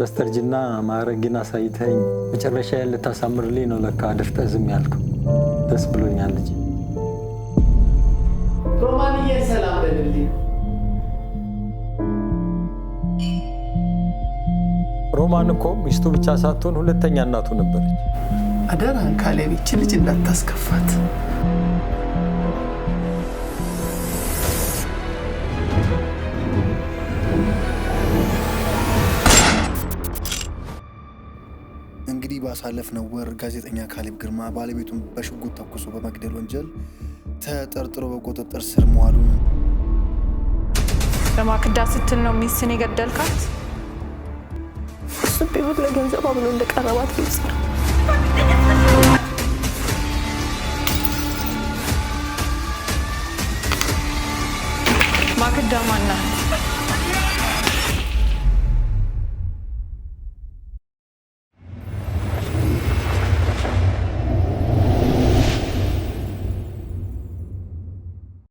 በስተርጅና ማዕረግን አሳይተኝ መጨረሻ ያለ ልታሳምርልኝ ነው ለካ ደፍጠህ ዝም ያልከው። ደስ ብሎኛል ልጅ ሮማንዬ፣ ሰላም በልልኝ። ሮማን እኮ ሚስቱ ብቻ ሳትሆን ሁለተኛ እናቱ ነበረች። አደራህን ካሌብ፣ ይህችን ልጅ እንዳታስከፋት። እንግዲህ ባሳለፍነው ወር ጋዜጠኛ ካሌብ ግርማ ባለቤቱን በሽጉጥ ተኩሶ በመግደል ወንጀል ተጠርጥሮ በቁጥጥር ስር መዋሉን በማክዳ ስትል ነው ሚስትን የገደልካት? እሱ ቢሆን ለገንዘብ እንደቀረባት ግልጽ ነው። ማክዳ ማናት?